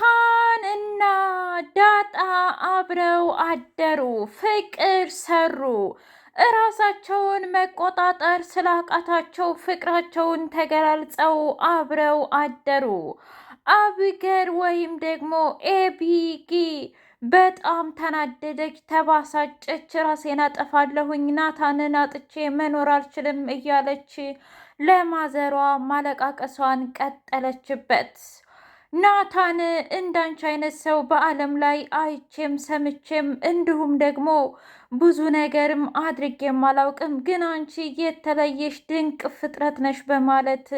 ናታን እና ዳጣ አብረው አደሩ፣ ፍቅር ሰሩ። እራሳቸውን መቆጣጠር ስላቃታቸው ፍቅራቸውን ተገላልጸው አብረው አደሩ። አቢገር ወይም ደግሞ ኤቢጊ በጣም ተናደደች፣ ተባሳጨች። ራሴን አጠፋለሁኝ፣ ናታንን አጥቼ መኖር አልችልም እያለች ለማዘሯ ማለቃቀሷን ቀጠለችበት። ናታን እንዳንቺ አይነት ሰው በዓለም ላይ አይቼም ሰምቼም እንዲሁም ደግሞ ብዙ ነገርም አድርጌም አላውቅም፣ ግን አንቺ የተለየሽ ድንቅ ፍጥረት ነሽ በማለት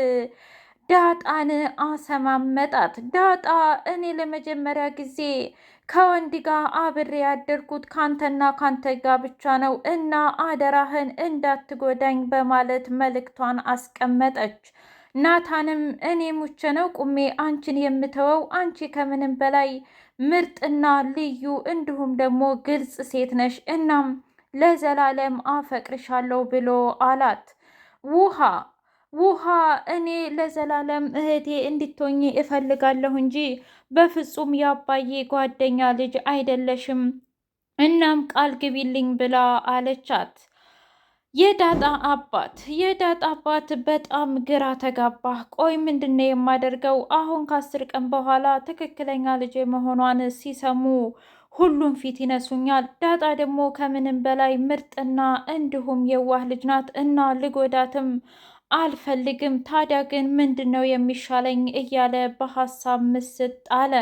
ዳጣን አሰማመጣት። ዳጣ እኔ ለመጀመሪያ ጊዜ ከወንድ ጋር አብሬ ያደርኩት ካንተና ካንተ ጋር ብቻ ነው እና አደራህን እንዳትጎዳኝ በማለት መልእክቷን አስቀመጠች። ናታንም እኔ ሙቼ ነው ቁሜ አንቺን የምተወው፣ አንቺ ከምንም በላይ ምርጥና ልዩ እንዲሁም ደግሞ ግልጽ ሴት ነሽ፣ እናም ለዘላለም አፈቅርሻለሁ ብሎ አላት። ውሃ ውሃ እኔ ለዘላለም እህቴ እንድትሆኝ እፈልጋለሁ እንጂ በፍጹም ያባዬ ጓደኛ ልጅ አይደለሽም። እናም ቃል ግቢልኝ ብላ አለቻት። የዳጣ አባት የዳጣ አባት በጣም ግራ ተጋባ። ቆይ ምንድነው የማደርገው? አሁን ከአስር ቀን በኋላ ትክክለኛ ልጅ መሆኗን ሲሰሙ ሁሉም ፊት ይነሱኛል። ዳጣ ደግሞ ከምንም በላይ ምርጥና እንዲሁም የዋህ ልጅ ናት እና ልጎዳትም አልፈልግም። ታዲያ ግን ምንድን ነው የሚሻለኝ? እያለ በሀሳብ ምስጥ አለ።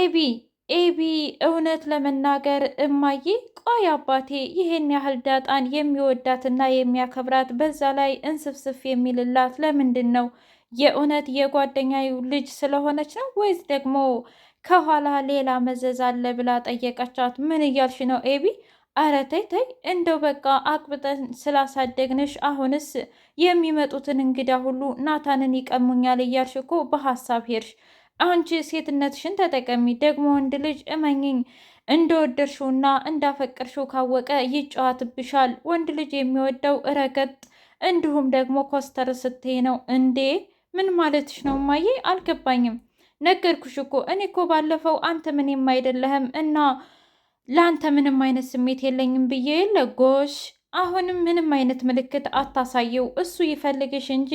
ኤቢ ኤቢ እውነት ለመናገር እማዬ ቆይ አባቴ ይሄን ያህል ዳጣን የሚወዳትና የሚያከብራት በዛ ላይ እንስፍስፍ የሚልላት ለምንድን ነው? የእውነት የጓደኛዩ ልጅ ስለሆነች ነው ወይስ ደግሞ ከኋላ ሌላ መዘዝ አለ ብላ ጠየቀቻት። ምን እያልሽ ነው ኤቢ? አረ ተይ ተይ፣ እንደው በቃ አቅብጠን ስላሳደግንሽ አሁንስ የሚመጡትን እንግዳ ሁሉ ናታንን ይቀሙኛል እያልሽ እኮ በሀሳብ ሄድሽ። አንቺ ሴትነትሽን ተጠቀሚ። ደግሞ ወንድ ልጅ እመኝኝ እንደወደድሽውና እንዳፈቅርሽው ካወቀ ይጨዋትብሻል። ወንድ ልጅ የሚወደው ረገጥ እንዲሁም ደግሞ ኮስተር ስትይ ነው። እንዴ ምን ማለትሽ ነው እማዬ? አልገባኝም። ነገርኩሽ እኮ እኔ እኮ ባለፈው አንተ ምንም አይደለህም እና ለአንተ ምንም አይነት ስሜት የለኝም ብዬ የለ ጎሽ። አሁንም ምንም አይነት ምልክት አታሳየው። እሱ ይፈልግሽ እንጂ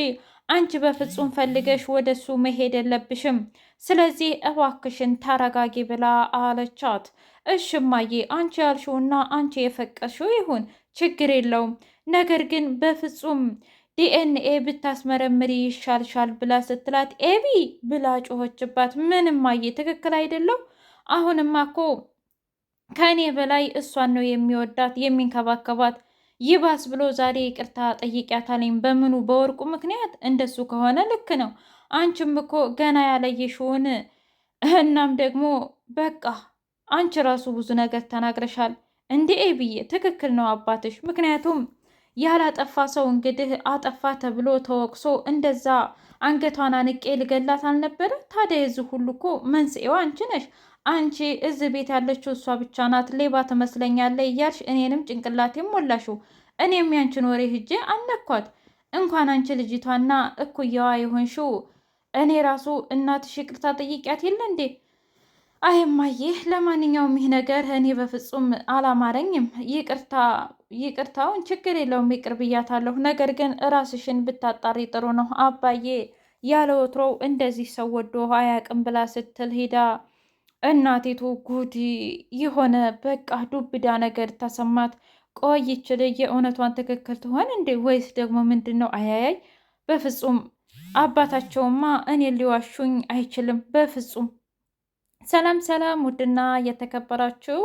አንቺ በፍጹም ፈልገሽ ወደ እሱ መሄድ የለብሽም። ስለዚህ እባክሽን ተረጋጊ ብላ አለቻት። እሽ እማዬ አንቺ ያልሽውና አንቺ የፈቀሽው ይሁን ችግር የለውም። ነገር ግን በፍጹም ዲኤንኤ ብታስመረምሪ ይሻልሻል ብላ ስትላት ኤቢ ብላ ጮኸችባት። ምን እማዬ ትክክል አይደለም። አሁንማ እኮ ከእኔ በላይ እሷን ነው የሚወዳት የሚንከባከባት። ይባስ ብሎ ዛሬ ይቅርታ ጠይቂያታለኝ። በምኑ በወርቁ ምክንያት? እንደሱ ከሆነ ልክ ነው። አንቺም እኮ ገና ያለየሽውን እናም ደግሞ በቃ አንቺ ራሱ ብዙ ነገር ተናግረሻል እንዴ ብዬ ትክክል ነው አባትሽ። ምክንያቱም ያላጠፋ ሰው እንግዲህ አጠፋ ተብሎ ተወቅሶ እንደዛ አንገቷን አንቄ ልገላት አልነበረ? ታዲያ የዚህ ሁሉ እኮ መንስኤዋ አንቺ ነሽ። አንቺ እዚህ ቤት ያለችው እሷ ብቻ ናት፣ ሌባ ትመስለኛለህ እያልሽ እኔንም ጭንቅላቴም ሞላሽው። እኔም ያንቺን ወሬ ሂጄ አነኳት። እንኳን አንቺ ልጅቷና እኩየዋ የሆንሽው እኔ ራሱ እናትሽ ይቅርታ ጠይቂያት የለ እንዴ አይ እማዬ፣ ለማንኛውም ይህ ነገር እኔ በፍጹም አላማረኝም። ይቅርታ ይቅርታውን ችግር የለውም ይቅር ብያታለሁ። ነገር ግን ራስሽን ብታጣሪ ጥሩ ነው አባዬ ያለ ወትሮው እንደዚህ ሰው ወዶ አያውቅም ብላ ስትል ሄዳ እናቴቱ ጉድ የሆነ በቃ ዱብዳ ነገር ተሰማት። ቆይችል የእውነቷን ትክክል ትሆን እንዴ ወይስ ደግሞ ምንድን ነው? አያያይ በፍጹም አባታቸውማ እኔ ሊዋሹኝ አይችልም በፍጹም ሰላም ሰላም፣ ውድና እየተከበራችሁ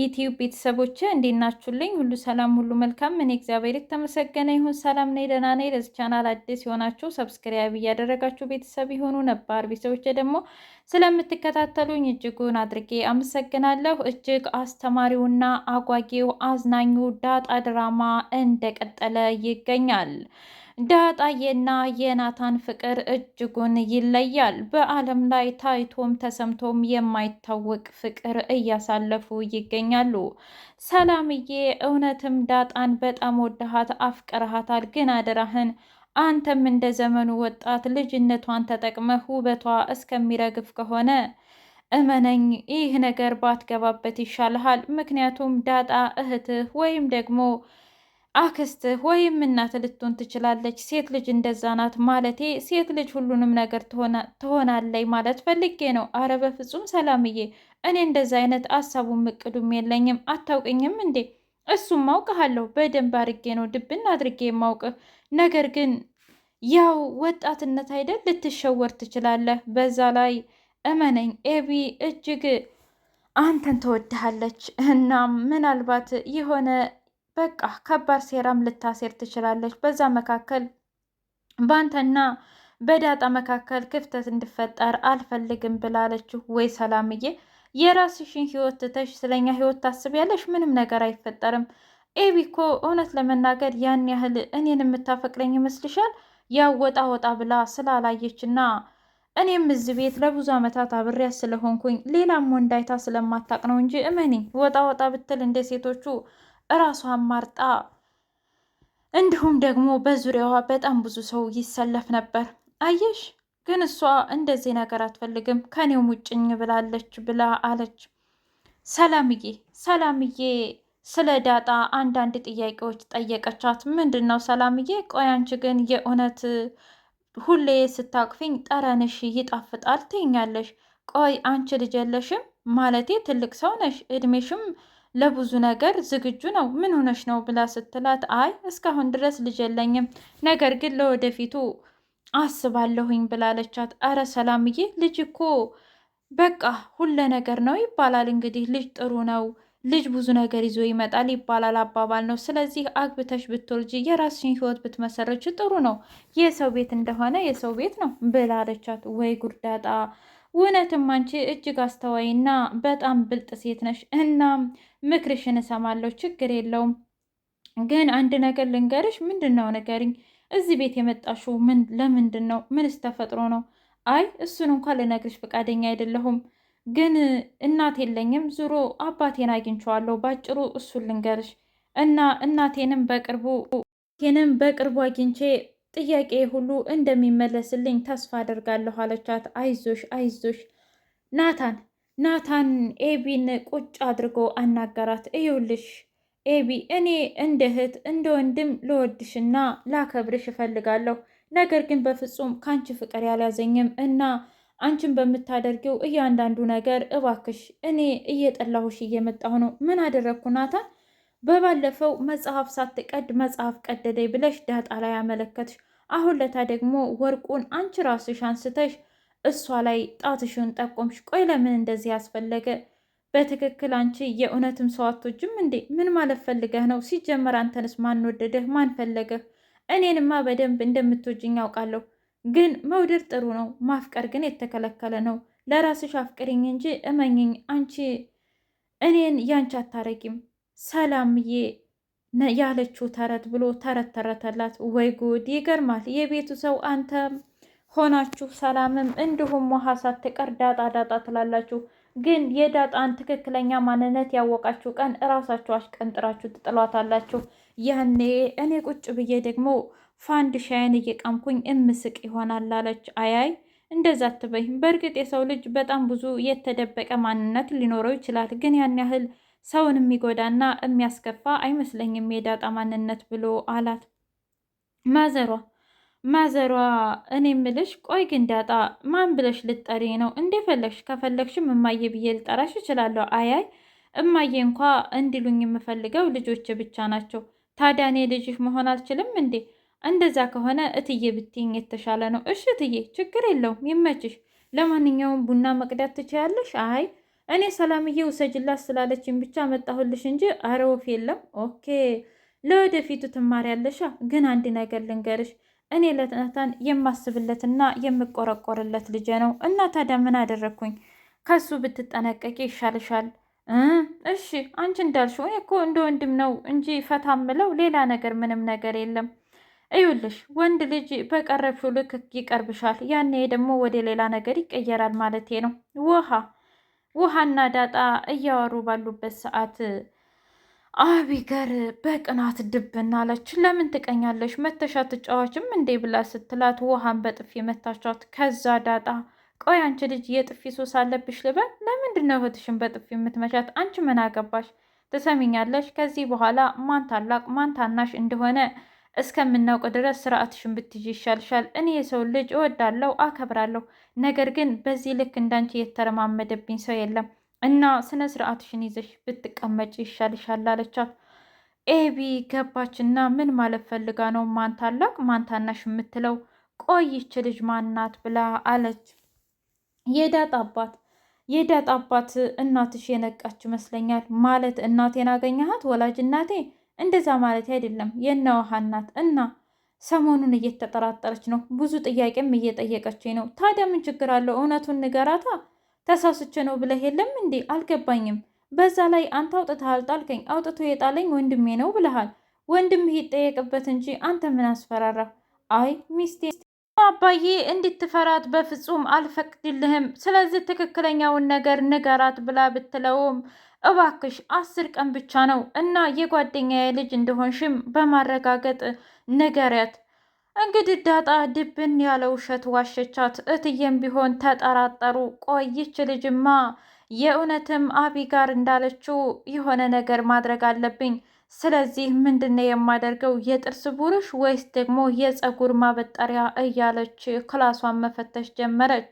ዩቲዩብ ቤተሰቦች እንዴት ናችሁልኝ? ሁሉ ሰላም፣ ሁሉ መልካም። እኔ እግዚአብሔር የተመሰገነ ይሁን ሰላም ነኝ፣ ደህና ነኝ። ለዚህ ቻናል አዲስ የሆናችሁ ሰብስክራይብ እያደረጋችሁ ቤተሰብ የሆኑ ነባር ቤተሰቦች ደግሞ ስለምትከታተሉኝ እጅጉን አድርጌ አመሰግናለሁ። እጅግ አስተማሪውና አጓጊው አዝናኙ ዳጣ ድራማ እንደቀጠለ ይገኛል። ዳጣዬና የናታን ፍቅር እጅጉን ይለያል። በዓለም ላይ ታይቶም ተሰምቶም የማይታወቅ ፍቅር እያሳለፉ ይገኛሉ። ሰላምዬ እውነትም ዳጣን በጣም ወደሃት አፍቅረሃታል፣ ግን አደራህን አንተም እንደ ዘመኑ ወጣት ልጅነቷን ተጠቅመህ ውበቷ እስከሚረግፍ ከሆነ እመነኝ፣ ይህ ነገር ባትገባበት ይሻልሃል። ምክንያቱም ዳጣ እህትህ ወይም ደግሞ አክስትህ ወይም እናት ልትሆን ትችላለች። ሴት ልጅ እንደዛ ናት። ማለቴ ሴት ልጅ ሁሉንም ነገር ትሆናለይ ማለት ፈልጌ ነው። አረ በፍጹም ሰላምዬ፣ እኔ እንደዛ አይነት አሳቡም እቅዱም የለኝም። አታውቅኝም እንዴ? እሱም ማውቅሃለሁ በደንብ አድርጌ ነው ድብን አድርጌ የማውቅህ። ነገር ግን ያው ወጣትነት አይደል ልትሸወር ትችላለህ። በዛ ላይ እመነኝ ኤቢ እጅግ አንተን ትወድሃለች እና ምናልባት የሆነ በቃ ከባድ ሴራም ልታሴር ትችላለች። በዛ መካከል በአንተና በዳጣ መካከል ክፍተት እንዲፈጠር አልፈልግም ብላለችሁ ወይ ሰላምዬ የራስሽን ህይወት ትተሽ ስለኛ ህይወት ታስቢያለሽ፣ ምንም ነገር አይፈጠርም። ኤቢ እኮ እውነት ለመናገር ያን ያህል እኔን የምታፈቅረኝ ይመስልሻል? ያው ወጣ ወጣ ብላ ስላላየች እኔም እዚህ ቤት ለብዙ ዓመታት አብሬያት ስለሆንኩኝ ሌላም ወንዳይታ ስለማታቅ ነው እንጂ እመኒ ወጣ ወጣ ብትል እንደ ሴቶቹ እራሷን ማርጣ እንዲሁም ደግሞ በዙሪያዋ በጣም ብዙ ሰው ይሰለፍ ነበር። አየሽ ግን እሷ እንደዚህ ነገር አትፈልግም ከኔውም ውጭኝ ብላለች ብላ አለች። ሰላምዬ ሰላምዬ ስለ ዳጣ አንዳንድ ጥያቄዎች ጠየቀቻት። ምንድን ነው ሰላምዬ? ቆይ አንቺ ግን የእውነት ሁሌ ስታቅፊኝ ጠረንሽ ይጣፍጣል ትኛለሽ። ቆይ አንቺ ልጅ የለሽም ማለቴ ትልቅ ሰው ነሽ፣ እድሜሽም ለብዙ ነገር ዝግጁ ነው። ምን ሆነሽ ነው ብላ ስትላት አይ እስካሁን ድረስ ልጅ የለኝም ነገር ግን ለወደፊቱ አስባለሁኝ ብላለቻት። አረ ሰላምዬ ልጅ እኮ በቃ ሁለ ነገር ነው ይባላል። እንግዲህ ልጅ ጥሩ ነው፣ ልጅ ብዙ ነገር ይዞ ይመጣል ይባላል አባባል ነው። ስለዚህ አግብተሽ ብትወልጂ የራስሽን ህይወት ብትመሰረች ጥሩ ነው። የሰው ቤት እንደሆነ የሰው ቤት ነው ብላለቻት። ወይ ጉርዳጣ እውነትም አንቺ እጅግ አስተዋይና በጣም ብልጥ ሴት ነሽ። እናም ምክርሽን እሰማለሁ፣ ችግር የለውም። ግን አንድ ነገር ልንገርሽ። ምንድን ነው ንገሪኝ? እዚህ ቤት የመጣሽው ምን ለምንድን ነው? ምንስ ተፈጥሮ ነው? አይ እሱን እንኳን ልነግርሽ ፈቃደኛ አይደለሁም፣ ግን እናት የለኝም። ዙሮ አባቴን አግኝቼዋለሁ። ባጭሩ እሱን ልንገርሽ እና እናቴንም በቅርቡ ቴንም በቅርቡ አግኝቼ ጥያቄ ሁሉ እንደሚመለስልኝ ተስፋ አደርጋለሁ አለቻት። አይዞሽ አይዞሽ ናታን ናታን ኤቢን ቁጭ አድርጎ አናገራት። እዩልሽ ኤቢ እኔ እንደ እህት እንደ ወንድም ልወድሽና ላከብርሽ እፈልጋለሁ። ነገር ግን በፍጹም ከአንቺ ፍቅር ያልያዘኝም እና አንቺን በምታደርጊው እያንዳንዱ ነገር እባክሽ፣ እኔ እየጠላሁሽ እየመጣሁ ነው። ምን አደረግኩ ናታን? በባለፈው መጽሐፍ ሳትቀድ መጽሐፍ ቀደደኝ ብለሽ ዳጣ ላይ ያመለከትሽ፣ አሁን ለታ ደግሞ ወርቁን አንቺ ራስሽ አንስተሽ እሷ ላይ ጣትሽን ጠቆምሽ። ቆይ ለምን እንደዚህ ያስፈለገ? በትክክል አንቺ የእውነትም ሰው አትወጂም እንዴ? ምን ማለት ፈልገህ ነው? ሲጀመር አንተንስ ማን ወደደህ? ማን ፈለገህ? እኔንማ በደንብ እንደምትወጂኝ ያውቃለሁ። ግን መውደድ ጥሩ ነው፣ ማፍቀር ግን የተከለከለ ነው። ለራስሽ አፍቅሪኝ እንጂ እመኝኝ፣ አንቺ እኔን ያንቺ አታረጊም። ሰላምዬ ያለችው ተረት ብሎ ተረት ተረተላት። ወይ ጉድ! ይገርማል። የቤቱ ሰው አንተ ሆናችሁ ሰላምም እንዲሁም ውሃ ሳትቀር ዳጣ ዳጣ ትላላችሁ። ግን የዳጣን ትክክለኛ ማንነት ያወቃችሁ ቀን እራሳችሁ አሽቀንጥራችሁ ትጥሏታላችሁ። ያኔ እኔ ቁጭ ብዬ ደግሞ ፋንድ ሻይን እየቃምኩኝ እምስቅ ይሆናል አለች። አያይ እንደዛ አትበይ። በእርግጥ የሰው ልጅ በጣም ብዙ የተደበቀ ማንነት ሊኖረው ይችላል። ግን ያን ያህል ሰውን የሚጎዳና የሚያስከፋ አይመስለኝም የዳጣ ማንነት ብሎ አላት ማዘሯ ማዘሯ እኔ ምልሽ ቆይ ግን ዳጣ ማን ብለሽ ልጠሪ ነው? እንዴ ፈለግሽ ከፈለግሽም እማዬ ብዬ ልጠራሽ እችላለሁ። አያይ እማዬ እንኳ እንዲሉኝ የምፈልገው ልጆች ብቻ ናቸው። ታዲያ እኔ ልጅሽ መሆን አልችልም እንዴ? እንደዛ ከሆነ እትዬ ብትይኝ የተሻለ ነው። እሺ እትዬ፣ ችግር የለውም ይመችሽ። ለማንኛውም ቡና መቅዳት ትችያለሽ። አይ እኔ ሰላምዬ ውሰጅላት ስላለችን ብቻ መጣሁልሽ እንጂ አረ ወፍ የለም። ኦኬ፣ ለወደፊቱ ትማሪያለሻ። ግን አንድ ነገር ልንገርሽ እኔ ለናታን የማስብለትና የምቆረቆርለት ልጄ ነው እና ታዲያ ምን አደረግኩኝ? ከሱ ብትጠነቀቂ ይሻልሻል። እሺ አንቺ እንዳልሽው እኔ እኮ እንደ ወንድም ነው እንጂ ፈታ ምለው ሌላ ነገር ምንም ነገር የለም። እዩልሽ ወንድ ልጅ በቀረብሽው ልክ ይቀርብሻል፣ ያኔ ደግሞ ወደ ሌላ ነገር ይቀየራል ማለቴ ነው። ውሃ ውሃና ዳጣ እያወሩ ባሉበት ሰዓት አቢገር በቅናት ድብና አለች። ለምን ትቀኛለሽ መተሻ ትጫዋችም እንዴ ብላ ስትላት ውሃን በጥፊ መታቻት። ከዛ ዳጣ ቆይ አንቺ ልጅ የጥፊ ሱስ አለብሽ ልበል? ለምንድን ነው እህትሽን በጥፊ የምትመቻት? አንቺ ምን አገባሽ? ትሰሚኛለሽ? ከዚህ በኋላ ማን ታላቅ ማን ታናሽ እንደሆነ እስከምናውቅ ድረስ ስርዓትሽን ብትይዥ ይሻልሻል። እኔ የሰው ልጅ እወዳለሁ፣ አከብራለሁ። ነገር ግን በዚህ ልክ እንዳንቺ የተረማመደብኝ ሰው የለም። እና ስነ ስርዓትሽን ይዘሽ ብትቀመጭ ይሻልሻል አለቻት። ኤቢ ገባች እና ምን ማለት ፈልጋ ነው ማን ታላቅ ማን ታናሽ የምትለው? ቆይች ልጅ ማናት ብላ አለች። የዳጣ አባት የዳጣ አባት እናትሽ የነቃች ይመስለኛል። ማለት እናቴን አገኘሃት? ወላጅ እናቴ እንደዛ ማለት አይደለም የነውሃ እናት እና ሰሞኑን እየተጠራጠረች ነው። ብዙ ጥያቄም እየጠየቀች ነው። ታዲያ ምን ችግር አለው? እውነቱን ንገራታ ተሳስቼ ነው ብለህ የለም እንዴ? አልገባኝም። በዛ ላይ አንተ አውጥተህ አልጣልከኝ፣ አውጥቶ የጣለኝ ወንድሜ ነው ብለሃል። ወንድምህ ይጠየቅበት እንጂ አንተ ምን አስፈራራ? አይ ሚስቴ አባዬ እንድትፈራት በፍጹም አልፈቅድልህም። ስለዚህ ትክክለኛውን ነገር ንገራት ብላ ብትለውም እባክሽ አስር ቀን ብቻ ነው እና የጓደኛዬ ልጅ እንደሆንሽም በማረጋገጥ ንገሪያት እንግዲህ ዳጣ ድብን ያለ ውሸት ዋሸቻት። እትዬም ቢሆን ተጠራጠሩ። ቆይች ልጅማ የእውነትም አቢ ጋር እንዳለችው የሆነ ነገር ማድረግ አለብኝ። ስለዚህ ምንድነው የማደርገው? የጥርስ ብሩሽ ወይስ ደግሞ የፀጉር ማበጠሪያ? እያለች ክላሷን መፈተሽ ጀመረች።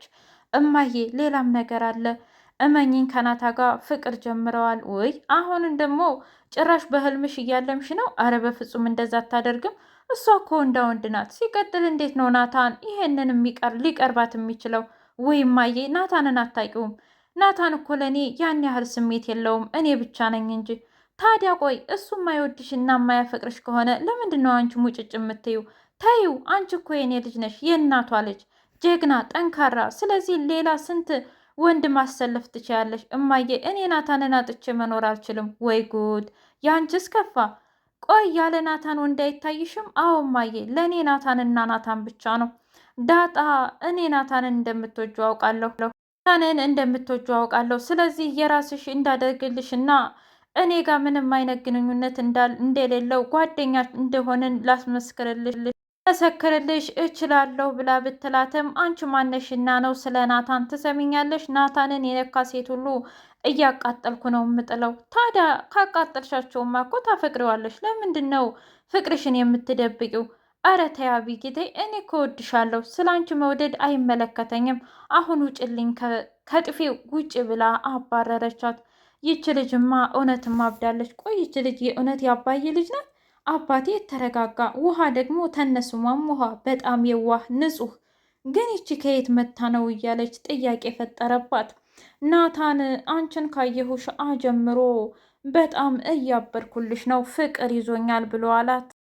እማዬ ሌላም ነገር አለ። እመኝን ከናታ ጋር ፍቅር ጀምረዋል። ወይ አሁንም ደግሞ ጭራሽ በህልምሽ እያለምሽ ነው? አረ በፍጹም እንደዛ አታደርግም እሷ እኮ እንደ ወንድ ናት። ሲቀጥል እንዴት ነው ናታን ይሄንን የሚቀር ሊቀርባት የሚችለው? ወይ ማዬ ናታንን አታውቂውም። ናታን እኮ ለእኔ ያን ያህል ስሜት የለውም፣ እኔ ብቻ ነኝ እንጂ። ታዲያ ቆይ እሱ የማይወድሽ እና የማያፈቅርሽ ከሆነ ለምንድን ነው አንቺ ሙጭጭ የምትዩ? ተይው፣ አንቺ እኮ የእኔ ልጅ ነሽ፣ የእናቷ ልጅ፣ ጀግና፣ ጠንካራ። ስለዚህ ሌላ ስንት ወንድ ማሰለፍ ትችያለሽ። እማዬ እኔ ናታንን አጥቼ መኖር አልችልም። ወይ ጉድ! ያንቺስ ከፋ ቆይ ያለ ናታን ወንድ አይታይሽም? አዎ እማዬ፣ ለእኔ ናታንና ናታን ብቻ ነው። ዳጣ እኔ ናታንን እንደምትወጁ አውቃለሁ ናታንን እንደምትወጁ አውቃለሁ። ስለዚህ የራስሽ እንዳደርግልሽ እና እኔ ጋር ምንም አይነት ግንኙነት እንደሌለው ጓደኛ እንደሆንን ላስመስክርልሽ መሰክርልሽ እችላለሁ ብላ ብትላትም አንቺ ማነሽና ነው ስለ ናታን ትሰሚኛለሽ? ናታንን የነካ ሴት ሁሉ እያቃጠልኩ ነው የምጥለው። ታዲያ ካቃጠልሻቸውማ እኮ ታፈቅሪዋለሽ። ለምንድን ነው ፍቅርሽን የምትደብቂው? አረ ተይ ጊዜ እኔ እኮ እወድሻለሁ። ስለ አንቺ መውደድ አይመለከተኝም። አሁን ውጭልኝ ከጥፌ ውጭ ብላ አባረረቻት። ይች ልጅማ እውነትም አብዳለች። ቆይ ይች ልጅ የእውነት ያባይ ልጅ ናት? አባቴ ተረጋጋ ውሃ ደግሞ ተነሱ ማም ውሃ በጣም የዋህ ንጹህ፣ ግን ይቺ ከየት መታ ነው እያለች ጥያቄ ፈጠረባት። ናታን አንቺን ካየሁሽ አ ጀምሮ በጣም እያበርኩልሽ ነው ፍቅር ይዞኛል ብሎ አላት።